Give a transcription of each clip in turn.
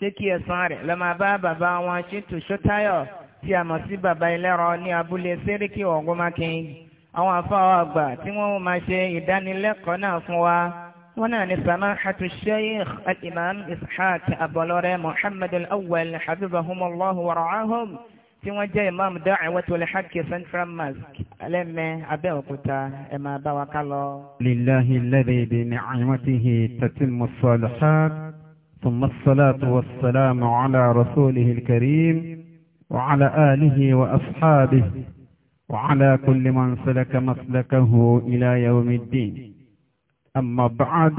pé kí ẹ̀san rẹ̀ lọ máa bá bàbá wọn Chintu Ṣótáyọ̀ tí a mọ̀ sí bàbá ẹlẹ́rọ ní abúlé Séríkì Ògúnmákin àwọn afáwọ̀ àgbà tí wọ́n máa ṣe ìdánilẹ́kọ̀ọ́ náà fún wa wọ́n náà ní samahatu sheikh al-imam ishaq abọlọ́rẹ́ Muhammad al-awwal habibahumullahu wa tí wọ́n jẹ́ imam da'watul haqq central mosque alẹ́mẹ́ abẹ́òkúta ẹ̀ máa bá wa ká lọ. lillahi alladhi bi ni'matihi tatimmu ثم الصلاة والسلام على رسوله الكريم وعلى آله وأصحابه وعلى كل من سلك مسلكه إلى يوم الدين أما بعد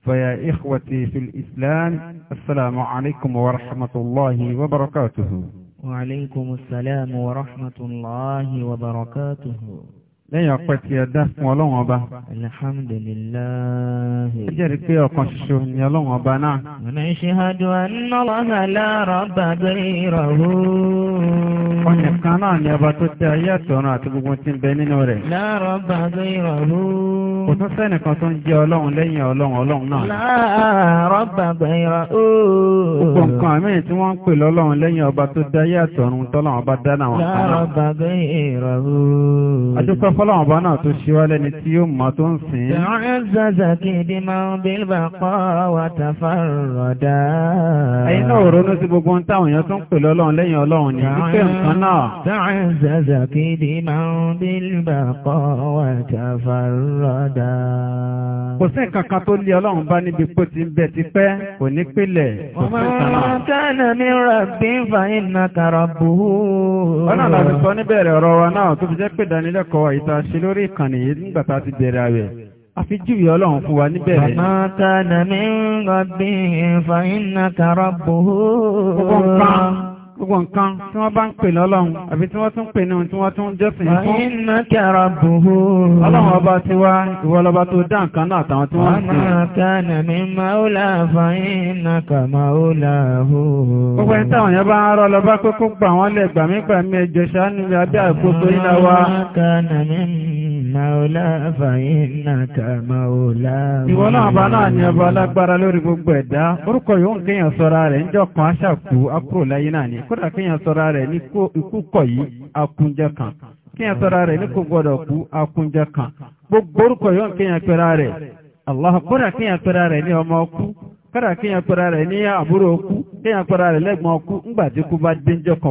فيا إخوتي في الإسلام السلام عليكم ورحمة الله وبركاته وعليكم السلام ورحمة الله وبركاته lẹ́yìn ọpẹ́ tí ẹ dá fún ọlọ́run ọba. alhamdulillah. ẹ jẹ́rìí pé ọ̀kan ṣoṣo ni ọlọ́run ọba náà. نشهد أن الله لا رب غيره ọ̀nà kan náà ni ọba tó dá ayé àtọ̀run àti gbogbo tí ń bẹ nínú rẹ̀. لا رب غيره kò tún sẹ́nìkan tó ń jẹ́ ọlọ́run lẹ́yìn ọlọ́run ọlọ́run náà. لا رب غيره gbogbo nǹkan àmì tí wọ́n ń pè lọ́lọ́run lẹ́yìn ọba tó dá ayé àtọ̀run tọ́lọ́run ọba dáná wọn kan náà. لا رب غيره adúpẹ́ fọ́lọ́run ọba náà tó ṣe wá lẹ́ni tí yóò mọ́ tó ń sìn. تعزز كدما بالبقاء وتفرغ àbọ̀dá. ẹ̀yin náà ronú sí gbogbo ohun táwọn èèyàn tó ń pè lọ́lọ́run lẹ́yìn ọlọ́run ní wípé nǹkan náà. dáhùn zaza kìdí máa ń bí bàkọ́ wà tàfàrọ́dà. kò sí nǹkan tó lé ọlọ́run bá níbi pé ti ń bẹ tipẹ́ kò ní pìlẹ̀ kò sí kan náà. ọmọ kánà mi pé ìdánilẹ́kọ̀ọ́ ìta ṣe lórí ìkànnì yìí nígbà tá àfi jíwì ọlọ́run fún wa níbẹ̀rẹ̀. Màmá kana min rabbi fa innaka rabbuhu. Gbogbo nǹkan tí wọ́n bá ń pè lọ́lọ́run, àbí tí wọ́n tún pè ní ohun tí wọ́n tún jọ́sìn fún. Fa innaka rabbuhu. Ọlọ́run ọba ti wá ìwọ lọba tó dá nǹkan náà àtàwọn tí wọ́n ń sìn. Màmá kana min maula fa innaka maulahu. Gbogbo ẹni táwọn yẹn bá ń rọ́ lọ bá pé kó gbà wọ́n lẹ̀ gbàmígbàmí ẹjọ́ ṣáánú abẹ́ àgbogbo ìlà wa. Màmá kana min maula fainaka maula. ìwọ náà bá náà ní ọba alágbára lórí gbogbo ẹ̀dá orúkọ yóò ń kéèyàn sọ́ra rẹ̀ níjọ́ kan aṣàkú akúrò láyé náà ni kódà kéèyàn sọ́ra rẹ̀ ní ikú yìí kan kéèyàn sọ́ra rẹ̀ ní kò gbọ́dọ̀ kú kan gbogbo orúkọ yóò ń kéèyàn pẹ́ra rẹ̀ kódà kéèyàn pẹ́ra rẹ̀ ní ọmọ ọkú kódà kéèyàn pẹ́ra rẹ̀ ní àbúrò ọkú kéèyàn pẹ́ra rẹ̀ lẹ́gbọ̀n ọkú ńgbà tí kú kan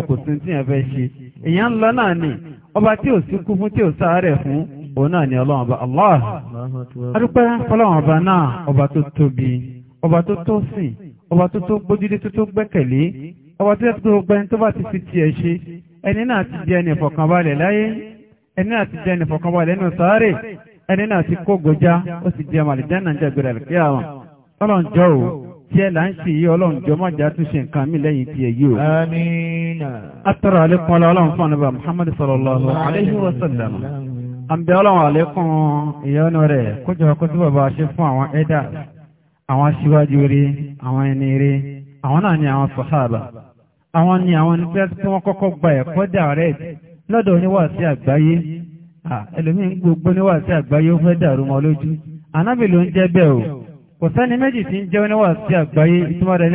kò sí ọba tí ò sí òun náà ni ọlọ́run ọba Allah adúpẹ́ fọlọ́run ọba náà ọba tó tóbi ọba tó tó sìn ọba tó tó gbójúlé tó tó gbẹ́kẹ̀lé ọba tó tó gbẹ́ni tó bá ti fi tiẹ̀ ṣe ẹni náà ti di ẹni ìfọ̀kànbalẹ̀ láyé ẹni náà ti di ẹni ìfọ̀kànbalẹ̀ nínú sáré ẹni náà ti kó gojá ó sì di jẹ́ gbẹ̀rẹ̀ lókè àwọn ọlọ́run jọ ò tí ẹ sallallahu alayhi wa sallam àǹbẹ̀ ọlọ́run àlékún ìyọ́nú rẹ̀ kójọ kó tí bàbá ṣe fún àwọn ẹ́dà àwọn aṣíwájú rí àwọn ẹni rí àwọn náà ni àwọn sọ̀hábà àwọn ni àwọn ẹni tí wọ́n kọ́kọ́ gba ẹ̀kọ́ dà rẹ̀ lọ́dọ̀ oníwàásí àgbáyé ẹlòmíín gbogbo oníwàásí àgbáyé ó fẹ́ dàrú mọ́ lójú ànábì ló ń jẹ́ bẹ́ẹ̀ o kò sẹ́ni méjì tí ń jẹ́ oníwàásí àgbáyé ìtumọ̀ rẹ̀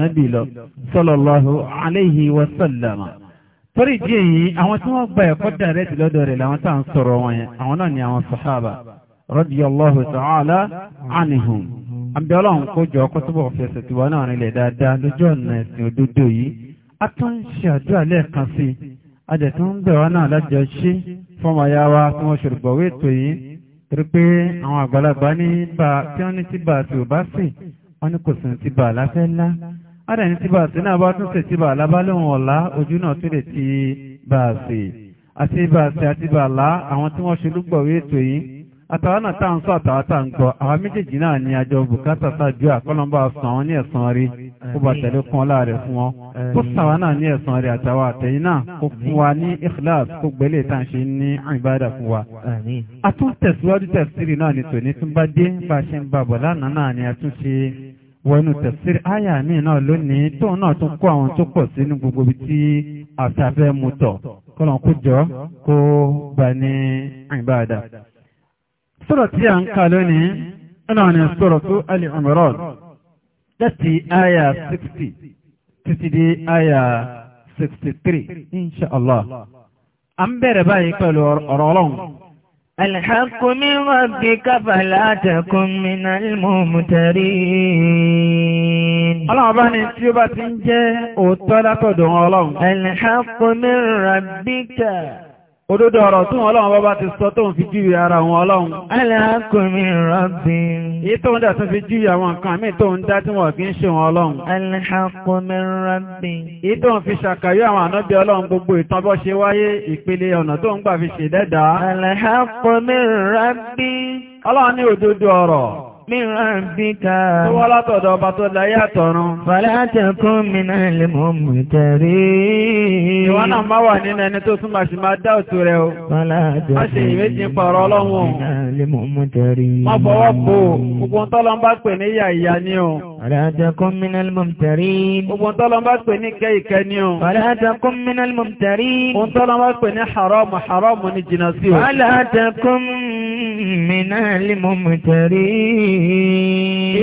ẹni sallallahu alayhi wa torí ìdí èyí àwọn tí wọ́n gba ẹ̀kọ́ dàrẹ́tì lọ́dọ̀ rẹ̀ làwọn tá à ń sọ̀rọ̀ wọn yẹn àwọn náà ni àwọn sàhábà radiyallahu ta'ala anihum àbí ọlọ́run kó jọ ọkọ́ tó bọ̀ fẹsẹ̀ náà nílẹ̀ dáadáa lójú ọ̀nà ẹ̀sìn ọ̀rẹ́ ní tíbà sí náà bá tún sí tíbà lábálòun ọ̀la ojú náà tó lè ti bá a sí àti bá a sí àti bá a lá àwọn tí wọ́n ṣolúgbọ̀wé ètò yìí àtàwọn náà tá à ń sọ àtàwọn tá à ń gbọ́ àwọn méjèèjì náà ni àjọ bùkátà ṣáájú àkọlọ́mbà sàn án ní ẹ̀sán rí kó bá tẹ̀lé kan láàrẹ̀ fún wọn kó sàwọn náà ní ẹ̀sán rí àtàwọn àtẹ̀yìn náà kó fún wa ní ikhlas kó gbẹ́lẹ̀ tá à ń ṣe ní àìbáàdà fún wa. a tún tẹ̀síwájú tẹ̀sírì náà ni tòní tún bá dé bá a ṣe ń bá lánàá náà ni a tún ṣe wọnú tẹ̀sírí àyà mi náà lónìí tóun náà tún kó àwọn tó pọ̀ sí ní gbogbo ibi tí àfẹ́fẹ́ mu tọ̀ kọ́lọ̀ kó jọ kó bá ní ìbáadà. sọ̀rọ̀ tí a ń kà lónìí náà ni sọ̀rọ̀ tó Ali Imran láti àyà 60 títí dé àyà 63 insha Allah. à ń bẹ̀rẹ̀ báyìí pẹ̀lú ọ̀rọ̀ ọlọ́run. الحق من ربك فلا تكن من الممترين Ọlọ́run bá ní tí ó bá ti ń jẹ́ òótọ́ látọ̀dọ̀ Ọlọ́run. الحق من ربك Òdodo ọ̀rọ̀ tún ọlọ́run bọ́bá ti sọ tó ń fi jíwì ara wọn ọlọ́run. Alákùnrin rọ́bìn. Èyí tó ń dà tó fi jíwì àwọn nǹkan mí tó ń dá tí wọ́n kì í ṣe wọn ọlọ́run. Alákùnrin rọ́bìn. Èyí tó ń fi ṣàkàyọ́ àwọn ànábì ọlọ́run gbogbo ìtàn bọ́ ṣe wáyé ìpele ọ̀nà tó ń gbà fi ṣèdẹ́dàá. Alákùnrin rọ́bìn. Ọlọ́run ní òdodo ọ̀rọ̀. min rabbika. Tó wá látọ̀dọ̀ ọba tó láyé àtọ̀run. Ìwọ́n náà máa wà nínú ẹni tó tún máa máa dá òtù rẹ o. Fala takun minal mumtarin. Má ṣe Ma Má fọwọ́ po, gbogbo ń tọ́lọ́ ń bá pè ní ni o. Fàlátàkùn mínal mọ̀mtàrí. Ogun tọ́lọ́n bá pè ní kẹ́ ìkẹ́ ní o. Fàlátàkùn mínal mọ̀mtàrí. Ogun tọ́lọ́n bá pè ní haramu haramu ní jìnà sí o. Fàlátàkùn mínal mọ̀mtàrí.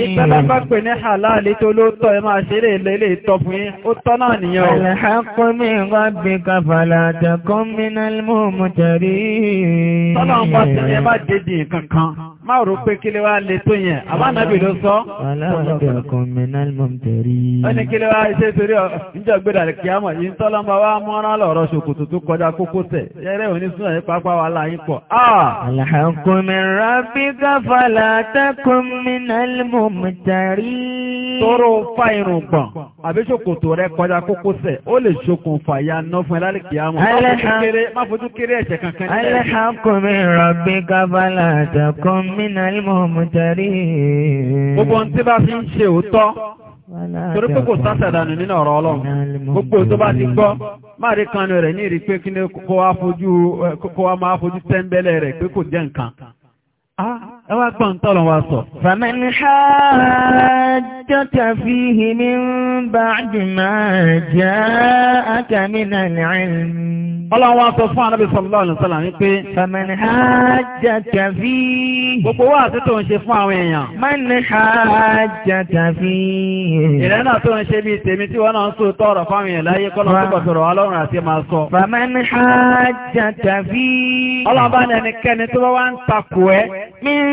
Ìtọ́lọ́n bá pè ní halali tó ló tọ́ ẹ máa ṣeré lélẹ̀ tọ́ fún yín. Ó tọ́ náà yakun minal mumtari. ó ní kí ló wá iṣẹ́ torí ìjọ gbéra rẹ̀ kí á mọ̀ yìí ń tọ́lọ́ máa wá mọ́rán lọ́rọ̀ ṣòkòtò tó kọjá kókó tẹ̀ yẹ́rẹ́ òní súnà yí pápá wa láyín pọ̀. Ah! min rabbika fala takun minal mumtari tóró ń fa irun gbọ̀n àbí ṣòkòtò rẹ kọjá kókósẹ̀ ó lè ṣokùnfà ìyanu fún ẹ àmọ́ má fojú kéré ẹ̀ṣẹ̀ kankan nílẹ̀. alhamdulilayi rabbi kabala takun minal mumtari. gbogbo ohun tí bá fi ń ṣe òótọ́ torí pé sásàdánù nínú ọ̀rọ̀ ọlọ́run gbogbo tó bá ti gbọ́ máa rí kanu rẹ̀ ní ìrí pé kí ni kó wá máa fojú tẹ́ńbẹ́lẹ̀ rẹ̀ pé kò jẹ́ nǹkan. Ah, ẹwà gbọ́n tọ́lọ wa sọ. Fàmín hajjọ́ta fi hì ní báàdì máa jẹ́ àkàmínà ìrìn. Ọlọ́run wa sọ fún Anábì sallallahu alaihi wasallam wípé. Fàmín hajjọ́ta fi. Gbogbo wa àti tó ń ṣe fún àwọn èèyàn. Mọ́n hajjọ́ta fi. Ìrẹ́ náà tó ń ṣe bí tèmi tí wọ́n náà ń sọ tọrọ fáwọn èèyàn láyé kọ́lọ́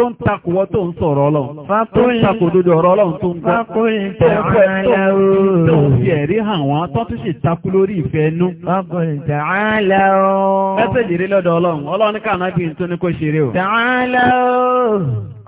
tó ń takùwọ́ tó ń sọ̀rọ̀ ọlọ́run tó ń takòdodo ọ̀rọ̀ ọlọ́run tó ń gbọ́ tó ń fẹ́ tó ń fi ẹ̀rí hàn wọ́n tó tún ṣe takú lórí ìfẹ́ inú. mẹ́sẹ̀jì rí lọ́dọ̀ ọlọ́run ọlọ́run ní kànáà bí n tó ní kó ṣeré o.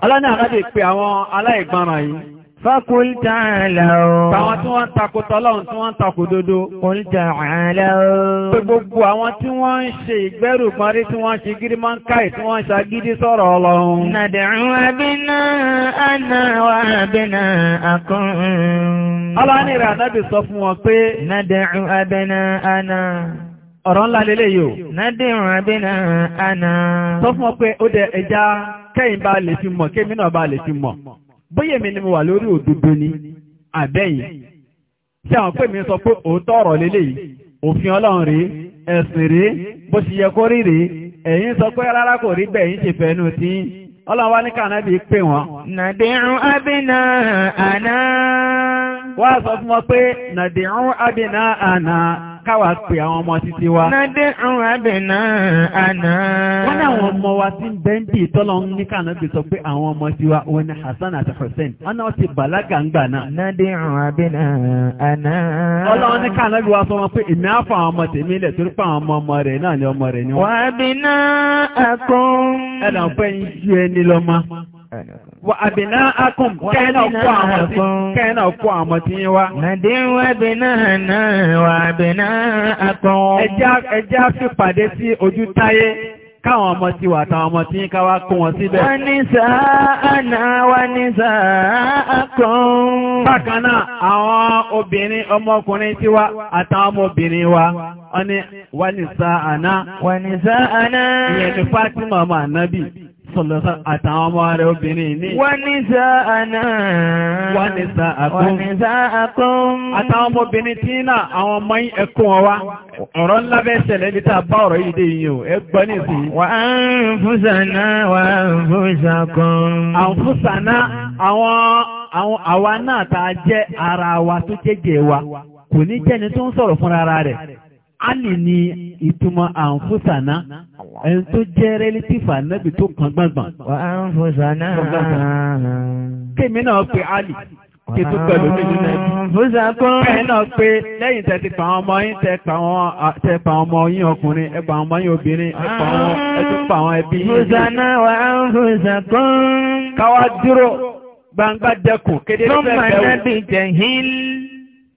ọlọ́run ní àkàdé pé àwọn aláìgbọràn yìí فقل تعالوا Àwọn tí wọ́n takò tọ́lọ́run tí wọ́n takò dodo. Qul ta'alوا. Pé gbogbo àwọn tí wọ́n ń ṣe ìgbẹ́rù kan rí tí wọ́n ṣe gírí máa ń káì tí wọ́n ṣagídí sọ̀rọ̀ ọlọ́run. Nad'u abina'ana wa abina'akum. Ọlọ́ni rẹ̀ ànábì sọ fún wọn pé. Nad'u abina'ana. Ọ̀rọ̀ ńlá lélẹ̀ yìí o. Nad'u abina'ana. Sọ fún wọn pé ó dẹ ẹja kẹ́yìn bá lè fi mọ̀, kémi bá lè fi mọ̀. bụ èmi ni mo wà lórí òdodo ni àbẹ́yìn tí àwọn pè mí sọ pé òótọ́ ọ̀rọ̀ òfin ọlọ́run rèé ẹ̀sìn rèé bó ṣe yẹ kó rí rèé sọ pé rárá kò rí bẹ́ẹ̀ yín ṣe fẹ́nu tí ọlọ́run wá ní pè wọ́n. nàdìrún àná. sọ fún wọn pé nàdìrún káwà pè àwọn ọmọ títí wa. Nádé ọ̀rọ̀ abẹ̀ náà àná. Wọ́n ní àwọn ọmọ wa ti ń bẹ́ ń bì tọ́lọ ń ní kànáà gbé sọ pé àwọn ọmọ tí wa wọn ni Hassan àti Hussein. Wọ́n náà ti bàlágà ń gbà náà. Nádé ọ̀rọ̀ abẹ̀ náà àná. Ọlọ́run ní kànáà gbé wa sọ wọn pé èmi á fọ àwọn ọmọ tèmi lẹ̀ torí pé àwọn ọmọ ọmọ rẹ̀ náà ni ọmọ rẹ̀ ni wọ́n. Wàá bí náà akọ́. Ẹ Wà àbìná akùn kẹ́ẹ̀nà ọkọ̀ àmọ̀ tí yí wá. Nàdé wà àbìná náà wà àbìná akùn. Ẹjá fi pàdé sí ojú táyé káwọn ọmọ ti wà táwọn ọmọ tí yí ká wá kó wọn síbẹ̀. Wọ́n ní sáà náà wà ní sáà kan. Bákan náà, àwọn obìnrin ọmọkùnrin tí wá àtàwọn ọmọbìnrin wa, wọ́n ní wà ní sáà Wà ní sáà Ìyẹn ni Fátímà ọmọ Ànábì sọ̀lọ́sọ́ àtàwọn ọmọ rẹ̀ obìnrin ní. wọ́n ní sá àná. wọ́n ní sá àkún. wọ́n ní sá àkún. àtàwọn ọmọbìnrin tí náà àwọn ọmọ yín ẹkún ọ wa. ọ̀rọ̀ ńlá bẹ́ẹ̀ ṣẹlẹ̀ ní tá a bá ọ̀rọ̀ yìí dé yìí o ẹ gbọ́ ní ìsìn. wà á ń fúnṣàná wà á ń fúnṣàkún. à ń fúnṣàná àwọn àwọn àwa náà tá a jẹ́ ara wa tó jẹ́jẹ́ wa kò ní jẹ́ni tó ń sọ̀rọ̀ fúnra rẹ̀. Ali ni ìtumọ̀ àǹfòsànà ẹni tó jẹ́ rẹ́lítìfà nẹ́bì tó kàn gbàgbàn. àǹfòsànà kémi náà pe alì kìtù pẹ̀lú nínú ẹbí. Fúsàkún. Bẹ́ẹ̀ náà pé lẹ́yìn tẹ́ ti pa àwọn ọmọ yín tẹ́ pa àwọn ọmọ yín ọkùnrin, ẹ pa àwọn ọmọ yín obìnrin, ẹ pa àwọn ẹtú pa àwọn ẹbí yín. Fúsànà wà ń fúsàkún. Káwá dúró gbangba dẹkùn kéde fẹ́ bẹ́ẹ̀ wò. Tó mọ̀ nábì jẹ̀hìn.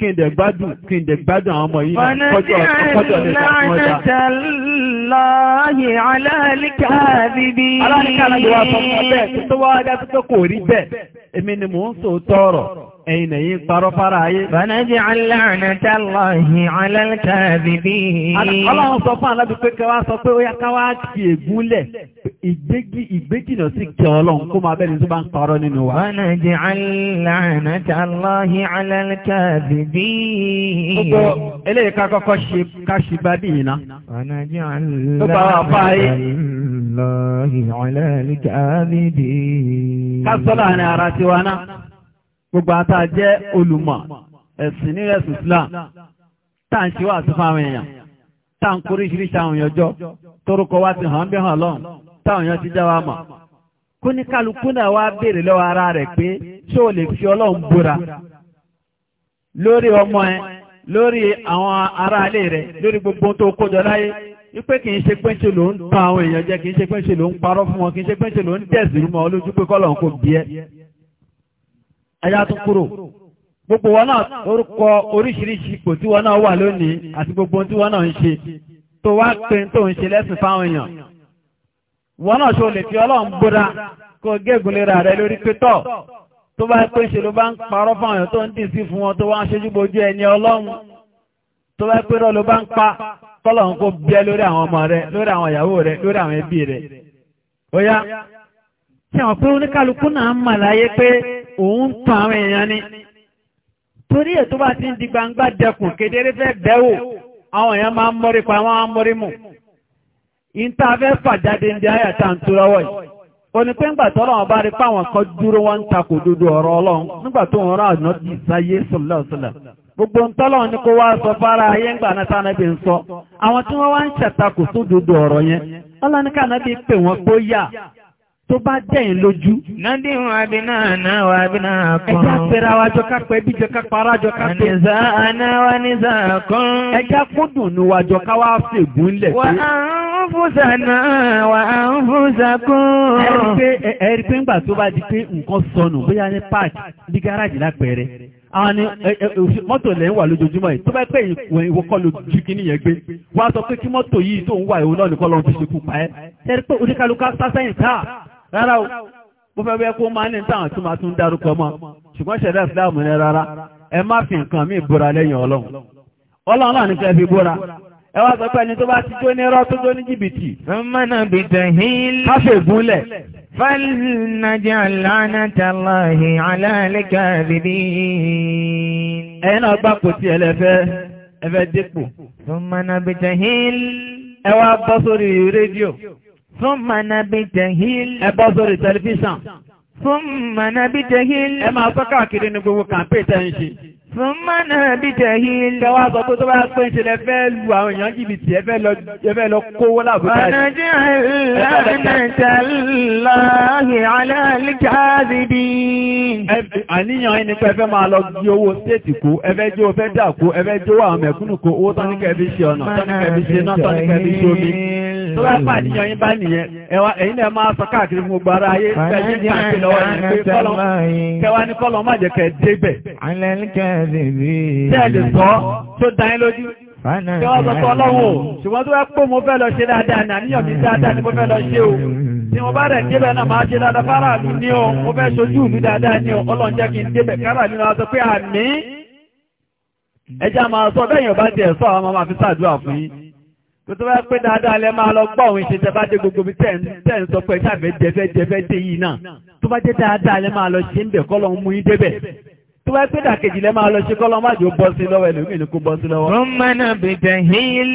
kí n dẹ̀ gbádùn kí gbádùn àwọn ọmọ yìí kọjọ́ ọ̀kọ́jọ́ lè ẹ̀yìn ẹ̀yìn parọ́ fara ayé. Bànájì aláàrẹ̀tà lọ́hìn alálkàbìbí. Ọlọ́run sọ fún Alábí pé kẹwàá sọ pé ó yá káwàá kí ègúnlẹ̀ ìgbégi ìgbégìnà sí kẹ ọlọ́run kó máa bẹ́ni tó bá ń parọ́ nínú wa. wọ́n náà jẹ́ aláàánàtà aláhí alálẹ́kàbì bí i. gbogbo eléyìí ká kọ́kọ́ ṣe káṣí bá bí iná. wọ́n náà jẹ́ alálẹ́kàbì bí i. ká sọ láàrin ara gbogbo ata jẹ́ olùmọ̀ ẹ̀sìn ní ẹ̀sìn Islam tá à ń ṣe wà sí fáwọn èèyàn tá à ń kórìíṣiríṣi àwọn èèyàn jọ torúkọ wá ti hàn bí hàn lọ́hùn táwọn èèyàn ti já wa mọ̀ kó ní kálukú náà wá béèrè lọ́wọ́ ara rẹ̀ pé ṣé o lè fi ọlọ́run búra lórí ọmọ ẹ lórí àwọn aráalé rẹ lórí gbogbo tó kójọ láyé wípé kì í ṣe péńṣe ló ń tan àwọn èèyàn jẹ kì í ṣe péńṣe ló ń parọ́ fún wọn kì í ṣe péńṣe ló ń dẹ̀sìrú mọ́ olójú pé kọ́lọ̀ kò bí ẹ ẹyá tó kúrò gbogbo wọn náà orúkọ oríṣiríṣi ipò tí wọn náà wà lónìí àti gbogbo tí wọn náà ń ṣe tó wá pé tó ń ṣe lẹ́sìn fáwọn èèyàn wọ́n náà ṣe olè tí ọlọ́run búra kó gégùn lè rà rẹ lórí pétọ́ tó bá pé ṣe ló bá ń parọ́ fún àwọn tó ń dì sí fún wọn tó wá ń ṣojú bojú ẹni ọlọ́run tó bá pé rọ́ ló bá ń pa kọ́lọ̀run kó bí ẹ lórí àwọn ọmọ rẹ lórí àwọn ìyàwó rẹ lórí àwọn ẹbí rẹ óyá tí àwọn pé oníkálukú náà ń mà láyé pé òun ń tan àwọn èèyàn ni torí ẹ̀ tó bá ti ń di gbangba dẹkùn kedere fẹ́ bẹ́wò àwọn èèyàn máa mọ́rí pa wọ́n á mọ́rí mù ìta fẹ́ fàjáde ń di àyàtà ń tó lọ́wọ́ yìí ó ní pé ńgbà tó ọlọ́run bá rí kan dúró wọn dodo ọ̀rọ̀ ọlọ́run nígbà tó ń rán àná gbogbo ní kó wá sọ fara ayé ńgbà náà sáná ń sọ àwọn tí wọ́n wá ń sódodo ọ̀rọ̀ yẹn ọlọ́run ní bí tó bá dẹ̀yìn lójú. Nádìhun àbínà náà wà àbínà kan. Ẹjá pẹ̀rẹ̀ àwájọ kápẹ́ bí jọ kápẹ́ arájọ kápẹ́. Ànìzá anáwá nízà kan. Ẹjá kúndùn níwájọ káwá fègún lẹ̀ pé. Wà á ń fúnṣà di pé nǹkan sọnù bóyá ní páàkì bí Àwọn ni mọ́tò lẹ́yìn wà lójoojúmọ́ yìí tó bá pẹ́ ìwọ kọ́ ló ju kí nìyẹn gbé. sọ pé kí mọ́tò yìí tó ń wà ìwọ náà nìkan lọ́n fi ṣekú pa ẹ́. Ẹ̀rí pé oníkálukú sásẹ́yìn rárá o mo fẹ́ bẹ́ẹ̀ kó máa ní táwọn tó máa tún dárúkọ mọ́ ṣùgbọ́n ṣẹ̀dá ìsìláàmù ní rárá ẹ má fi nǹkan míì búra lẹ́yìn ọlọ́run ọlọ́run náà ní fẹ́ fi búra ẹ wá sọ pé ẹni tó bá ti jó ní tó jó ní jìbìtì. fúnmọ́nà bìtẹ̀ hílẹ̀. káfẹ́ gúnlẹ̀. fàlùnàjà lánàtàláhì alálẹ́kà bìbí. ẹ̀yin náà gbà kò tí ẹ lẹ́fẹ́ ẹfẹ́ dípò. fúnmọ́nà bìtẹ̀ ẹ wá bọ́ sórí rédíò fún manabi jahil. ẹ bọ́ sórí tẹlifíṣàn. fún manabi jahil. ẹ máa sọ káàkiri ní gbogbo kàǹpé tẹ́ ń ṣe. fún manabi jahil. kẹwàá sọ pé tó bá pé ń ṣe lẹ fẹ́ lu àwọn èèyàn jìbìtì ẹ fẹ́ lọ kówó lábújá. ọ̀nàjì àìlànàjà láàyè aláàlìkàdìdì. àníyàn ẹni pé ẹ fẹ́ máa lọ di owó stéètì kú ẹ fẹ́ jó fẹ́ dà kú ẹ fẹ́ jó àwọn mẹ̀kúnnù kó owó tọ́níkẹ́ fi ṣe ọ̀nà tọ́níkẹ́ fi ṣe náà tọ́níkẹ́ fi ṣe omi tó bá pàdé yan yín bá nìyẹn ẹwà ẹ̀yin náà máa sọ káàkiri fún gbogbo ara ayé ṣẹ́yìn káàkiri lọ́wọ́ yẹn pé kọ́lọ́ kẹwàá ní kọ́lọ́ má jẹ́ kẹ́ débẹ̀. tẹ́ẹ̀lì sọ tó dá yín lójú kí wọ́n sọ sọ lọ́wọ́ ṣùgbọ́n tó bá pò mo fẹ́ lọ ṣe dáadáa ní àníyàn mi dáadáa ni mo fẹ́ lọ ṣe o tí mo bá rẹ̀ débẹ̀ náà máa ṣe dáadáa fáráàlú ní o mo fẹ́ ṣojú mi dáadáa ní o Ọlọ́run jẹ́ kí n débẹ̀ káràlú náà sọ pé àmì ẹja máa sọ bẹ́yìn ọba tiẹ̀ sọ àwọn máa fi ṣàdúrà fún yín tó tó bá pé dáadáa lẹ máa lọ gbọ́ òun ìṣẹ̀ṣẹ̀ bá dé gbogbo bí tẹ̀ ń sọ pé ṣàfẹ́ jẹfẹ́ jẹfẹ́ dé yìí náà tó bá jẹ́ dáadáa lẹ máa lọ ṣe ń bẹ̀ kọ́ lọ́n mú yín débẹ̀ tó bá pé dàkejì lẹ máa lọ ṣe kọ́ lọ́n má jò bọ́ sí lọ́wọ́ ẹlòmíì ni kò bọ́ sí lọ́wọ́. fúnmọ́nà bìtẹ̀ hìl.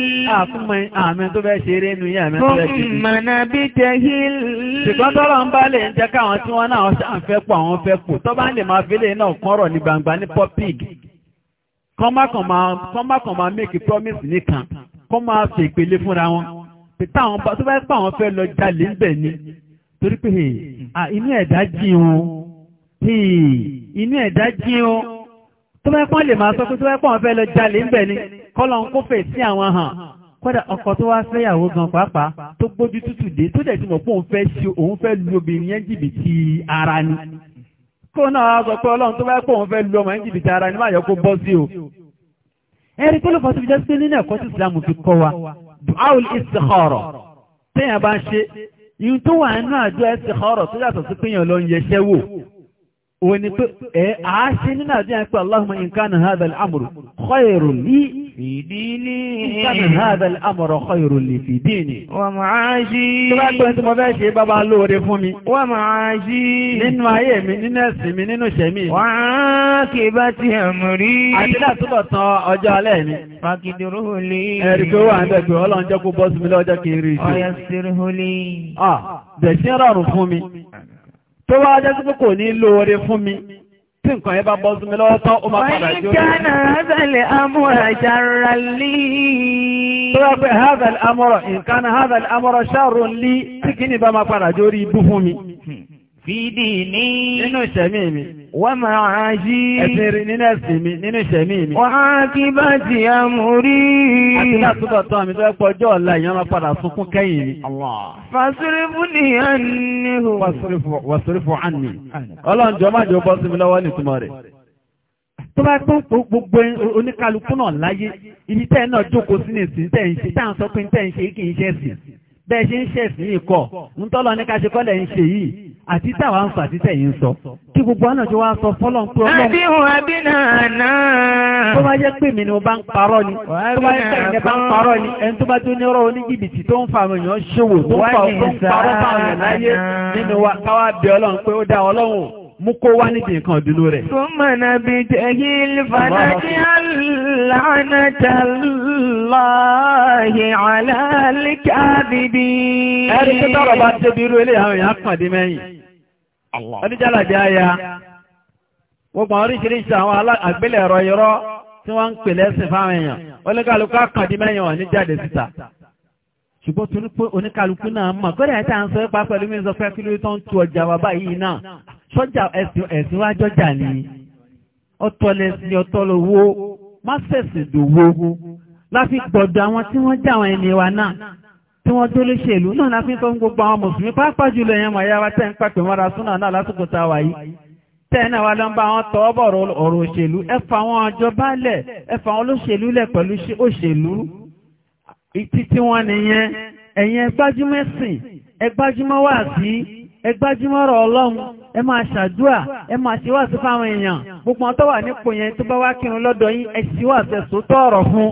àmì tó fẹ́ ṣe eré nu yín àmì tó fẹ́ ṣe. fúnmọ́nà bìtẹ̀ hìl. ṣùgbọ́n tọ́lọ́ ń bá lè ń jẹ́ káwọn tí wọ́n náà ṣàǹfẹ́ pọ̀ àwọn fẹ́ pò tọ́ bá lè máa fi lè náà kọ́rọ̀ ní gbangba ní pọ́pig kọ́mákàn máa make promise nìkan kọ́ máa fi ìpele fúnra wọn pẹ̀tà àwọn tó bá pa àwọn fẹ́ lọ jalè ńbẹ̀ ni torí pé inú ẹ̀dá jìn o inú ẹ̀dá jìn o tó bá pọ́n lè máa sọ pé tó bá pa àwọn fẹ́ lọ jalè ńbẹ̀ ni kọ́lọ̀ ń kó fẹ̀ sí àwọn hàn kódà ọkọ tó wá fẹ́yàwó gan pàápàá tó gbójú tútù dé tó dẹ̀ ti mọ̀ pé òun fẹ́ ṣe òun fẹ́ lu obìnrin yẹn jìbìtì ara ni kó náà wá sọ pé ọlọ́run tó bá pọ̀ òun fẹ́ lu ọmọ yẹn jìbìtì ara ni má yọ kó bọ́ sí o ẹ̀rí tó ló fọ́ tó fi jẹ́ sí nínú ẹ̀kọ́ tí Islam fi kọ́ wa du'aul istikhara téèyàn bá ń ṣe ìyún tó wà nínú àjọ istikhara tó yàtọ̀ sí pé lọ ń yẹṣẹ́ wò òun ni pé ẹ àáṣe nínú àdíyàn pé Allahumma in kana hadha al-amru khayrun li fi dini in kana hadha al-amru khayrun li fi dini wa ma'ashi tó bá gbọ́n tí mo fẹ́ ṣe bàbá lóore fún mi wa ma'ashi nínú ayé mi nínú ẹ̀sìn mi nínú ṣẹ̀mí mi wà ah, ń bẹ̀gbẹ̀ tó wá jẹ́ sípò kò ní lóore fún mi tí nǹkan ẹ bá bọ́ sí mi lọ́wọ́ tán ó máa padà jó rẹ̀. wọ́n ń kánà hazal amúra ṣàrà lí. tó wá pé hazal amúra nǹkan hazal amúra ṣàrò lí fìdí ní nínú ìṣẹ̀mí mi wọ́n máa á jí ẹ̀sìnrin nínú ẹ̀sìn mi nínú ìṣẹ̀mí mi wọ́n á kí bá ti a mú rí àti látúbọ̀ tán mi tó ẹpọ̀ ọjọ́ ọ̀la ìyànà padà sunkún kẹ́yìn mi fàṣírífù ní àníhù wàṣírífù àní ọlọ́njọ́ má bọ́ sí mi lọ́wọ́ nìtumọ̀ rẹ̀ bẹ́ẹ̀ ṣe ń ṣẹ̀sìn yìí ń tọ́lọ ní ká ń ṣe yìí àti táwa ń sọ àti tẹ̀yìn ń sọ kí gbogbo àná tí wá sọ fọ́lọ́n pé ọlọ́run. àbí òun àbí náà náà. tó bá jẹ́ pé mi ni mo bá ń parọ́ ni tó bá jẹ́ pé mi bá ń parọ́ ni ẹni tó bá tó ní ọ̀rọ̀ oníjìbìtì tó ń fa àwọn èèyàn ṣòwò tó ń parọ́ fáwọn èèyàn láyé nínú wa káwá bẹ ọlọ́run pé ó dá ọlọ́run mú kó wá níbi nǹkan ọ̀dúnú rẹ̀. Súnmọ̀ náà bí jẹ́yí ìfàdájí aláàánátàláàyè aláàlíkàbìbì. Ẹni tó tọ́rọ bá débi irú ilé àwọn èèyàn pàdé mẹ́yìn oníjàlájà ya gbogbo oríṣiríṣi àwọn àgbélẹ̀rọ irọ́ tí wọ́n ń pè lẹ́sìn fáwọn èèyàn oníkàlùkù àkàndí mẹ́yàn wọ̀n ní jáde síta ṣùgbọ́n torí pé oníkàlùkù náà mọ̀ gbọ́dọ̀ ẹ̀ tá à ń sọ ipa pẹ̀lú mi sọ pé kí ló tó ń tu ọjà bàbá yìí náà sọ́jà ẹ̀sìn wá jọjà ni ọ̀tọ̀ lẹ́sìn ọ̀tọ̀ lówó má ṣẹ̀sìn dòwó láfi gbọ́dọ̀ àwọn tí wọ́n já àwọn ẹni wa náà tí wọ́n jó lé ṣèlú náà na fi ń sọ fún gbogbo àwọn mùsùlùmí pàápàá jùlọ ẹ̀yàn mọ̀ yára tẹ́ ń pàpẹ̀ mọ́ra súnà náà lásìkò tá a wà yìí tẹ́ẹ̀nà wa ló ń bá wọn tọ́ bọ̀rọ̀ ọ̀rọ̀ òṣèlú ẹ fà wọn ọjọ́bá lẹ̀ ẹ fà wọn lóṣèlú lẹ̀ pẹ̀lú òṣèlú títí wọn nìyẹn ẹ̀yin ẹ gbájúmọ́ ẹ̀sìn ẹ gbájúmọ́ ọlọ́run ẹ máa ṣàdúrà ẹ máa ṣe wàásí fáwọn èèyàn gbogbo wọn tó wà nípò yẹn tó bá wá kírun lọ́dọ̀ yín ẹ ṣe wàásí ẹ̀sọ́ tọ́ ọ̀rọ̀ fún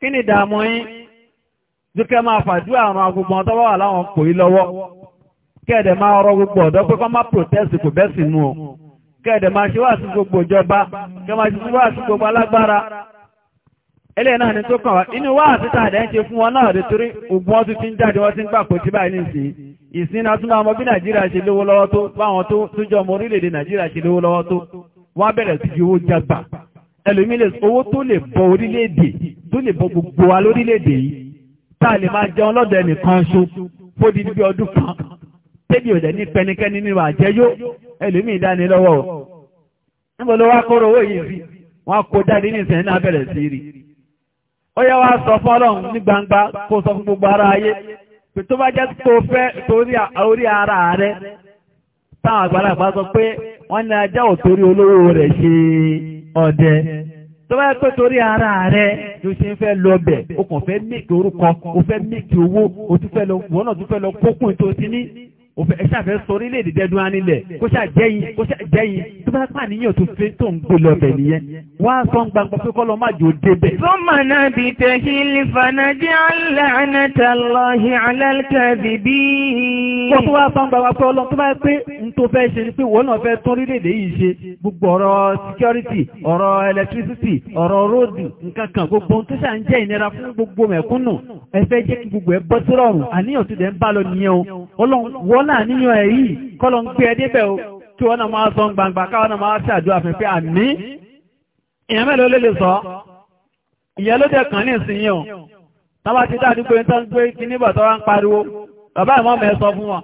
kí ni ìdààmú yín dúkẹ́ máa fàdúrà àrùn agbègbè ọ̀tọ́wọ́ wà láwọn kò yí lọ́wọ́ kẹ́ẹ̀dẹ̀ máa rọ gbogbo ọ̀dọ́ pé kọ́ máa protest kò bẹ́ sí inú o kẹ́ẹ̀dẹ̀ máa ṣe wá sí gbogbo ìjọba kẹ́ẹ̀ máa ṣe wá sí gbogbo alágbára ẹlẹ́ náà ni tó kàn wá inú wá àtúntà àdẹ́ ń ṣe fún wọn náà nítorí ogun wọn tún ti ń jáde wọn ti ń gbà tí báyìí nìsín ìsìn àtúntà ọmọ bí nàìjíríà ṣe lówó lọ́wọ́ tó báwọn tó jọ ọmọ orílẹ̀ nàìjíríà ṣe lówó lọ́wọ́ tó wọ́n bẹ̀rẹ̀ sí owó jágbà ẹlòmílẹ̀ owó tó lè bọ orílẹ̀-èdè tó lè bọ gbogbo wa lórílẹ̀-èdè yìí tá a lè máa jẹun lọ́dọ̀ ẹnìkan ṣo fódi bí ọdún kan tẹ́bi ọ̀dẹ̀ ní pẹnikẹ́ni nínú àjẹyó ẹlòmí ìdánilọ́wọ́ o níbo ló wá kóró owó yìí rí wọn kó jáde ní ìsẹ̀yìn náà bẹ̀rẹ̀ sí rí ó yẹ wá sọ fọ́lọ́run ní gbangba kó sọ fún gbogbo ara ayé pé tó bá jẹ́ tó fẹ́ torí ara rẹ táwọn àgbàlagbà sọ pé wọ́n ní ajá ò olówó rẹ̀ ṣe é ọdẹ tó bá pẹ́ torí ara rẹ̀ ló ṣe ń fẹ́ lọ bẹ̀ o kàn fẹ́ mìkì orúkọ o fẹ́ mìkì owó o tún fẹ́ lọ wọ́n náà tún fẹ́ lọ kókùn tó ti ní òfẹ́ ẹ̀ṣà fẹ́ sọ orílẹ̀-èdè dẹ́dún ánilẹ̀ kó ṣà jẹ́yìn kó ṣà jẹ́yìn tó bá pà níyàn tó fẹ́ tó ń gbé lọ́bẹ̀ nìyẹn wá sọ ń gbangba pé kọ́lọ́ má jò débẹ̀. sọ́mọ̀nà bí tẹ̀sí lìfànà jẹ́ aláàánátà lọ́hì alálkàbìbí. wọ́n tó wá sọ ń gbangba pé ọlọ́run tó bá pé n tó fẹ́ ṣe ni pé wọ́n náà fẹ́ tún orílẹ̀-èdè yìí ṣe gbogbo ọ̀rọ̀ security ọ̀rọ̀ electricity ọ̀rọ̀ road nǹkan kan gbogbo tó ṣà ń jẹ́ ìnira fún gbogbo mẹ̀kúnnù ẹ fẹ́ jẹ́ kí gbogbo ẹ bọ́ sí rọrùn àníyàn tó dẹ̀ ń bá lọ nìyẹn o ọlọ́run wọ́n náà níyàn ẹ̀ yìí kọ́lọ̀ ń gbé ẹdẹ́bẹ̀ o kí wọ́n náà máa sọ gbangba káwọn náà máa ṣàdúrà fún pé àní ìyẹn mẹ́lẹ̀ ló lè sọ ìyẹn ló dẹ̀ kàn ní ìsinyìí o tọ́ba ti dá àdúgbò tán gbé kíní bọ̀tọ́ wá ń pariwo bàbá ìmọ̀ mẹ́ sọ wa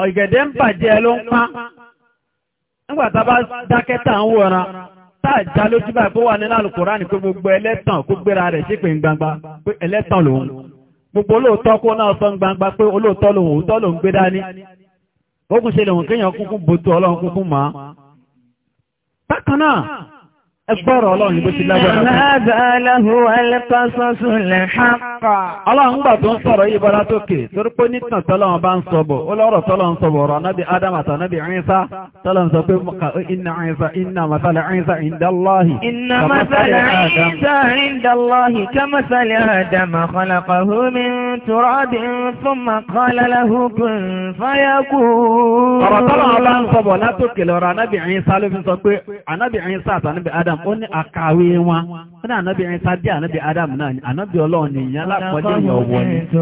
ọ̀gẹ̀dẹ̀ ń bàjẹ́ ló ń pa nígbàtà bá dákẹ́tà ń wọ̀ran táà já lójú báyìí kó wà nínú Al-Kùránì pé gbogbo ẹlẹ́tàn kó gbéra rẹ̀ ṣépè ń gbangba pé ẹlẹ́tàn lòun gbogbo olóòótọ́ kó náà sọ ń gbangba pé olóòótọ́ lòun òótọ́ lòun gbé dání bókun ṣe lòun kéèyàn kúkú bòtú ọlọ́run kúkú mọ́. bákan náà Ẹgbọ́rọ̀ ọlọ́run bó ti lágbàrá. Àmàdà aláhù alẹ́kọ́sọ́sù lè ṣàpà. Ọlọ́run gbà tó ń sọ̀rọ̀ yìí bọ́lá tókè, torí pé nítàn tọ́lọ́run bá ń sọ̀bọ̀, ó lọ́rọ̀ tọ́lọ́run sọ̀bọ̀ ọ̀rọ̀ nábi Adam àtànábi Ìsá, tọ́lọ́run sọ pé inna Ìsá inna masala Ìsá adam ó ní àkàwé wọn ó ní ànábì ẹni tàbí ànábì adam náà ni ànábì ọlọ́run ni ìyẹn alápọ̀jẹ́ èèyàn ni.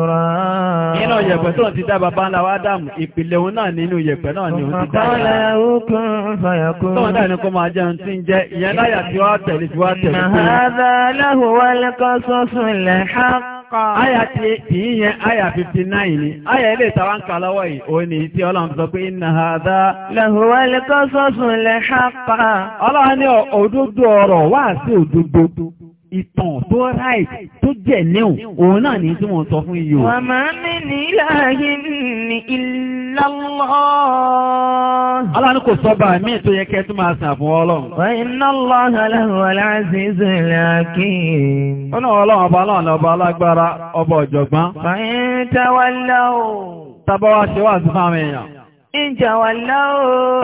nínú yẹ̀pẹ̀ tó ń ti dá bàbá ńlá adam ìpìlẹ̀ òun náà nínú yẹ̀pẹ̀ náà ni òun ti dá ìyá. tóun náà kó máa jẹun tí ń jẹ ìyẹn láyà tí wàá tẹ̀lé Aya ti kìí yẹn aya fifty nine ni. Aya ilé ìtawà ń kà lọ́wọ́ yìí. Òun ni tí Ọlọ́run sọ pé inna hadha. Lẹ̀hùwà lè kọ́ sọ́sùn lẹ̀ ṣápa. Ọlọ́run ní òdodo ọ̀rọ̀ wá sí òdodo. ìtàn tó ráì tó jẹ̀ níhùn òun náà ní tí wọ́n sọ fún iye o. wa ma min ilahin illa Allah. Allah ní kò sọ́bà míì tó yẹ kẹ́ tó máa sàn fún ọlọ́run. wa inna Allaha lahuwal azizul hakim. ó náà ọlọ́run ọba náà lọ́ba alágbára ọba ọ̀jọ̀gbọ́n. fa in tawallaw. tábọ́ wá ṣe wá sí fáwọn èèyàn. in tawallaw.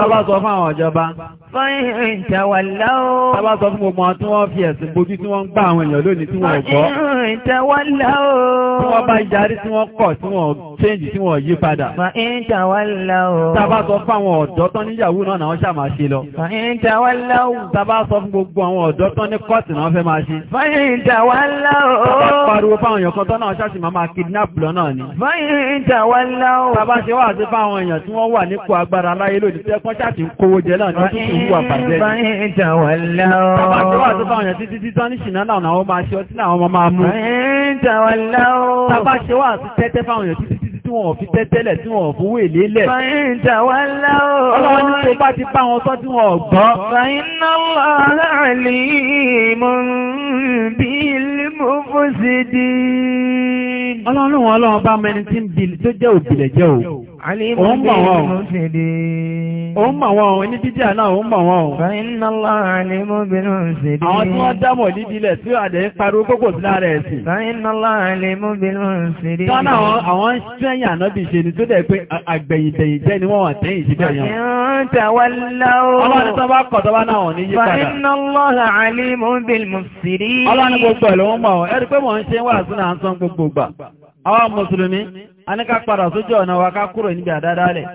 tábà sọ fáwọn ìjọba. Fọ́yìn ìtawàláwò. Tábá sọ fún gbogbo tí wọ́n fi ẹ̀sìn bojú tí wọ́n ń gbá àwọn èèyàn lónìí tí wọ́n gbọ́. Fọ́yìn ìtawàláwò. Tí wọ́n bá yarí tí wọ́n kọ̀ tí wọ́n change tí wọ́n yí padà. Fọ́yìn ìtawàláwò. Tábá sọ fún àwọn ọ̀dọ́ tán níyàwó náà náà ṣàmà ṣe lọ. Fọ́yìn ìtawàláwò. Tábá sọ fún gbogbo àwọn ọ̀dọ́ tán ní kọ́ọ̀tì náà fẹ́ máa ṣe. Fọ́yìn ìtawàláwò. Tábá pariwo fáwọn èèyàn kan tán náà ṣáṣì máa máa kidnap ni. Fọ́yìn ìtawàláwò. Tábá ṣe wà sí fáwọn èèyàn tí wọ́n wà nípò agbára láyé lónìí tẹ́kọ́ ṣáṣì ń kówó jẹ náà ní tútù wà bàjẹ́ ni. báyìí jà wà láwọ́. bàbá tó wà tó bá wọn yàn títí títí ní ṣìnà náà àwọn máa ṣe ọtí náà wọn máa mú. báyìí jà wà láwọ́. bàbá ṣe wà sí tẹ́tẹ́ fáwọn yàn títí títí tí wọ́n fi tẹ́tẹ́lẹ̀ tí wọ́n fún wèlé lẹ̀. báyìí jà wà láwọ́. ọlọ́wọ́n ní tó bá ti bá wọn sọ́ tí wọ́n gbọ́. báyìí náà lọ́ọ́ alimun bil mufsidin. ọlọ́run ọlọ́run bá mẹni tí ń bi tó jẹ́ òbílẹ̀ jẹ́ o òun mọ̀ wọn o òun mọ̀ wọn o ní dídí àná òun mọ̀ wọn o. fẹ́yìnà láàrin alimobinrin ṣèdí. àwọn tí wọ́n dámọ̀ nídìílẹ̀ tí àdẹ̀ ń pariwo gbogbo sí lára ẹ̀ sí. fẹ́yìnà láàrin alimobinrin ṣèdí. tọ́nà àwọn sẹ́yìn ànábì ṣe ni tó dẹ̀ pé àgbẹ̀yìntẹ̀yìn jẹ́ ni wọ́n wà tẹ́yìn sí bẹ́ẹ̀ yẹn. ìyọ́n tẹ̀wọ́ àwọn mùsùlùmí a ní ká padà sójú ọ̀nà wa ká kúrò níbi àdádálẹ̀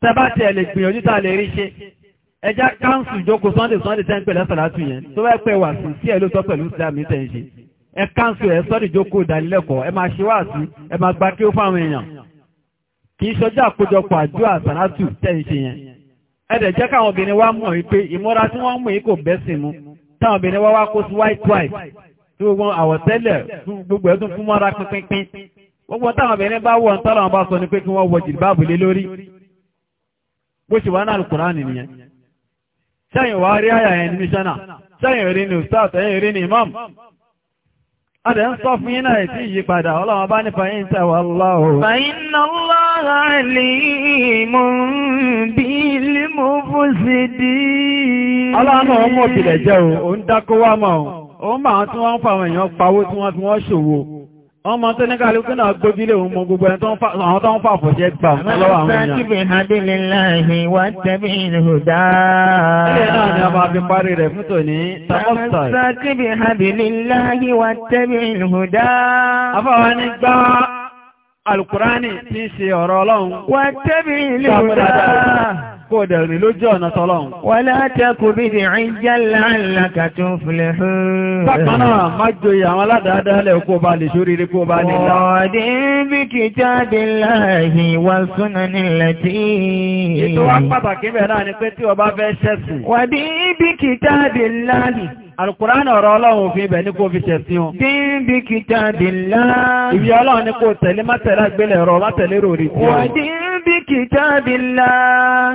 tẹ́bàtì ẹ̀ lè gbìyànjú tà lè rí ṣe ẹjá káńsù jókòó sunday sunday tẹ́ ń pè lẹ́sàlátù yẹn tó bá pẹ́ wà sí sí ẹ̀ ló sọ pẹ̀lú islam tẹ́ ń ṣe ẹ káńsù ẹ sọ́dì jókòó ìdánilẹ́kọ̀ọ́ ẹ máa ṣe wá sí ẹ máa gba kí ó white wife tí gbogbo àwọ̀tẹ́lẹ̀ gbogbo ẹ̀dùn fún mọ́ra pínpín gbogbo táwọn obìnrin bá wọ̀ tọ́lọ̀ wọn bá sọ ní pé kí wọ́n wọ jìlbáàbù lé lórí bó ṣe wà náà Kùránì nìyẹn sẹ́yìn wà rí àyà ẹni míṣánà sẹ́yìn rí ni ustaz sẹ́yìn rí ni imam adẹ̀ ń sọ fún yínà ìtí ìyípadà ọlọ́wọ́n bá ní fàyín tẹ̀wọ̀ lọ́wọ́ fàyín Allah alimun bil mufsidin ọlọ́run ọmọ òbílẹ̀ jẹ́ o ń dákó wá òun máa tí wọ́n ń fa àwọn èèyàn pawó tí wọ́n fi wọ́n ṣòwò wọ́n mọ́ tó ní kálukú náà gbójúlé òun mọ gbogbo ẹni tó ń fà fọ́jẹ́ gbà lọ́wọ́ alukurani tí ń ṣe ọ̀rọ̀ ọlọ́run wà tẹ́bí ilé ìwúdá kó dẹ̀rìn lójú ọ̀nà tọ́lọ́run wà látẹ́kù bí i ìjá láàlákà tó fìlẹ̀ fún bákan náà má joyè àwọn aládàádálẹ̀ kó bá lè ṣoríire kó bá lè lá ọ̀dí bí kitabillahi wà Alùkùránì ọ̀rọ̀ ọlọ́run fi ibẹ̀ ní kó fi tẹ̀sí o. Bí n bí kitabillah. Ibi ọlọ́run ni kò tẹ̀lé mátẹ̀lá gbélẹ̀ ọ̀rọ̀ mátẹ̀lé rò rí. Wọ́n dín bí kitabillah.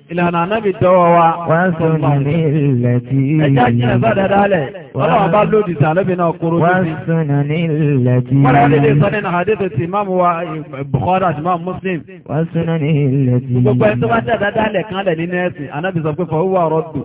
ìlànà ànábì dọ́wọ́ wa. Wọ́n sọ ní ilẹ̀ tí ìlú. Ẹja kí ẹ sọ́dọ̀ dálẹ̀. Ọlọ́run bá lòdì sí ànábì náà kúrò lójú. Wọ́n sọ ní ilẹ̀ tí ìlú. Wọ́n rẹ̀ lè sọ nínú àdéhùn ti Ìmáàmù wa Bukhari àti Ìmáàmù Muslim. Wọ́n sọ ní ilẹ̀ tí ìlú. Gbogbo ẹni tó bá ṣẹ̀dá dálẹ̀ kan nínú ẹ̀sìn, ànábì sọ pé fọwọ́ wà rọ́dù.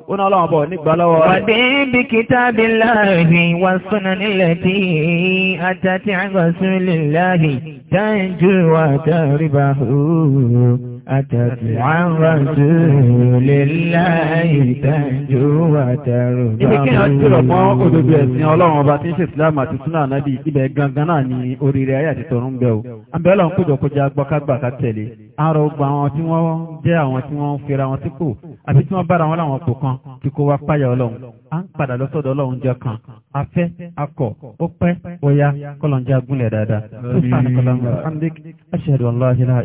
أتت عن رسول الله تنجو وترضى Ibi kí a jùlọ fún òdòdó ẹ̀sìn ọlọ́run ọba tí ń ṣe ìsìlámù àti súnà náàbí ibẹ̀ gangan náà ni oríire ayé àti tọ̀run bẹ̀ o. Àbẹ̀ ọlọ́run kójọkójọ agbọ́kágbà ká tẹ̀lé. Àrò gba àwọn tí wọ́n jẹ́ àwọn tí wọ́n ń fira wọn sípò àti tí wọ́n bára wọn láwọn kò kan kí kó wá páyà ọlọ́run. À ń padà lọ́sọ̀dọ̀ ọlọ́run jẹ kan. Afẹ́, akọ̀, ó pẹ́, bóyá, kọ́lọ̀ ń jẹ́ agúnlẹ̀ dáadáa. Sọ́sàn kọ́lọ́